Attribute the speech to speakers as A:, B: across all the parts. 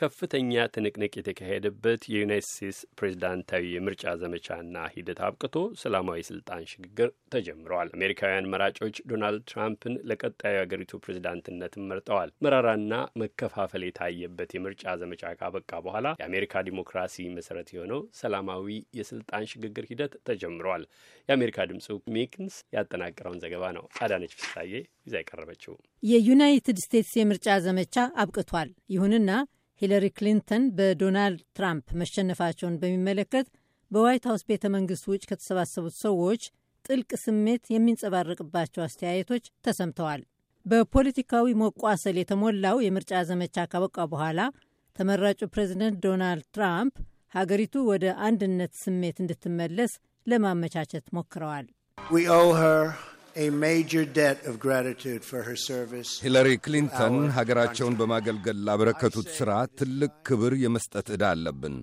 A: ከፍተኛ ትንቅንቅ የተካሄደበት የዩናይት ስቴትስ ፕሬዚዳንታዊ የምርጫ ዘመቻና ሂደት አብቅቶ ሰላማዊ ስልጣን ሽግግር ተጀምረዋል። አሜሪካውያን መራጮች ዶናልድ ትራምፕን ለቀጣዩ የአገሪቱ ፕሬዚዳንትነትን መርጠዋል። መራራና መከፋፈል የታየበት የምርጫ ዘመቻ ካበቃ በኋላ የአሜሪካ ዲሞክራሲ መሰረት የሆነው ሰላማዊ የስልጣን ሽግግር ሂደት ተጀምረዋል። የአሜሪካ ድምፅ ሚክንስ ያጠናቀረውን ዘገባ ነው አዳነች ፍሳዬ ይዛ የቀረበችው።
B: የዩናይትድ ስቴትስ የምርጫ ዘመቻ አብቅቷል። ይሁንና ሂለሪ ክሊንተን በዶናልድ ትራምፕ መሸነፋቸውን በሚመለከት በዋይት ሀውስ ቤተ መንግስት ውጭ ከተሰባሰቡት ሰዎች ጥልቅ ስሜት የሚንጸባረቅባቸው አስተያየቶች ተሰምተዋል። በፖለቲካዊ መቋሰል የተሞላው የምርጫ ዘመቻ ካበቃ በኋላ ተመራጩ ፕሬዚደንት ዶናልድ ትራምፕ ሀገሪቱ ወደ አንድነት ስሜት እንድትመለስ ለማመቻቸት ሞክረዋል።
C: ሂለሪ ክሊንተን ሀገራቸውን በማገልገል ላበረከቱት ሥራ ትልቅ ክብር የመስጠት ዕዳ አለብን።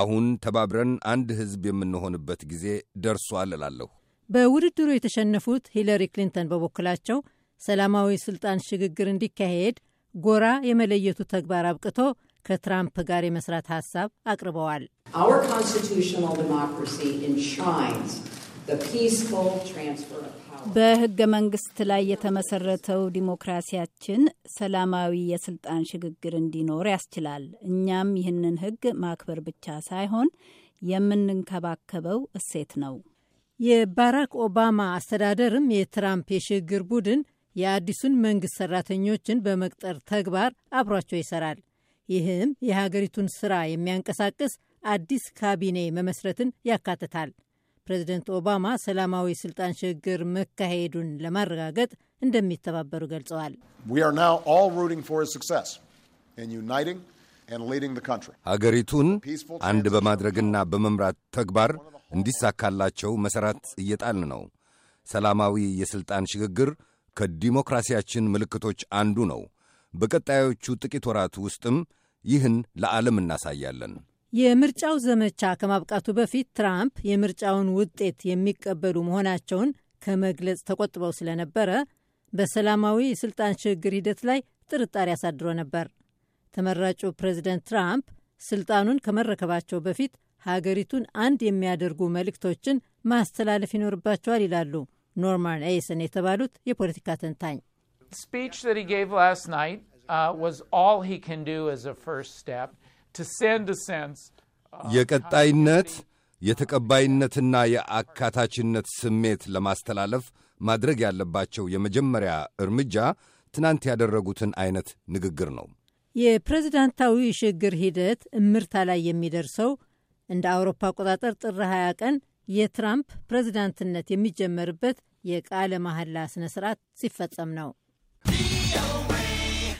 C: አሁን ተባብረን አንድ ሕዝብ የምንሆንበት ጊዜ ደርሷል እላለሁ።
B: በውድድሩ የተሸነፉት ሂለሪ ክሊንተን በበኩላቸው ሰላማዊ ሥልጣን ሽግግር እንዲካሄድ ጎራ የመለየቱ ተግባር አብቅቶ ከትራምፕ ጋር የመስራት ሐሳብ አቅርበዋል። በህገ መንግስት ላይ የተመሰረተው ዲሞክራሲያችን ሰላማዊ የስልጣን ሽግግር እንዲኖር ያስችላል። እኛም ይህንን ህግ ማክበር ብቻ ሳይሆን የምንንከባከበው እሴት ነው። የባራክ ኦባማ አስተዳደርም የትራምፕ የሽግግር ቡድን የአዲሱን መንግስት ሰራተኞችን በመቅጠር ተግባር አብሯቸው ይሰራል። ይህም የሀገሪቱን ስራ የሚያንቀሳቅስ አዲስ ካቢኔ መመስረትን ያካትታል። ፕሬዚደንት ኦባማ ሰላማዊ ስልጣን ሽግግር መካሄዱን ለማረጋገጥ እንደሚተባበሩ ገልጸዋል።
C: ሀገሪቱን አንድ በማድረግና በመምራት ተግባር እንዲሳካላቸው መሠራት እየጣልን ነው። ሰላማዊ የሥልጣን ሽግግር ከዲሞክራሲያችን ምልክቶች አንዱ ነው። በቀጣዮቹ ጥቂት ወራት ውስጥም ይህን ለዓለም እናሳያለን።
B: የምርጫው ዘመቻ ከማብቃቱ በፊት ትራምፕ የምርጫውን ውጤት የሚቀበሉ መሆናቸውን ከመግለጽ ተቆጥበው ስለነበረ በሰላማዊ የስልጣን ሽግግር ሂደት ላይ ጥርጣሬ አሳድሮ ነበር። ተመራጩ ፕሬዚደንት ትራምፕ ስልጣኑን ከመረከባቸው በፊት ሀገሪቱን አንድ የሚያደርጉ መልእክቶችን ማስተላለፍ ይኖርባቸዋል ይላሉ ኖርማን ኤይሰን የተባሉት የፖለቲካ ተንታኝ። ስፒች ስ ጌቭ ላስት ናይት ዋዝ ኦል ሂ ካን ዱ አዝ አ ፈርስት ስቴፕ Uh,
C: የቀጣይነት የተቀባይነትና የአካታችነት ስሜት ለማስተላለፍ ማድረግ ያለባቸው የመጀመሪያ እርምጃ ትናንት ያደረጉትን አይነት ንግግር ነው።
B: የፕሬዝዳንታዊ ሽግግር ሂደት እምርታ ላይ የሚደርሰው እንደ አውሮፓ አቆጣጠር ጥር 20 ቀን የትራምፕ ፕሬዝዳንትነት የሚጀመርበት የቃለ መሐላ ስነ ስርዓት ሲፈጸም ነው።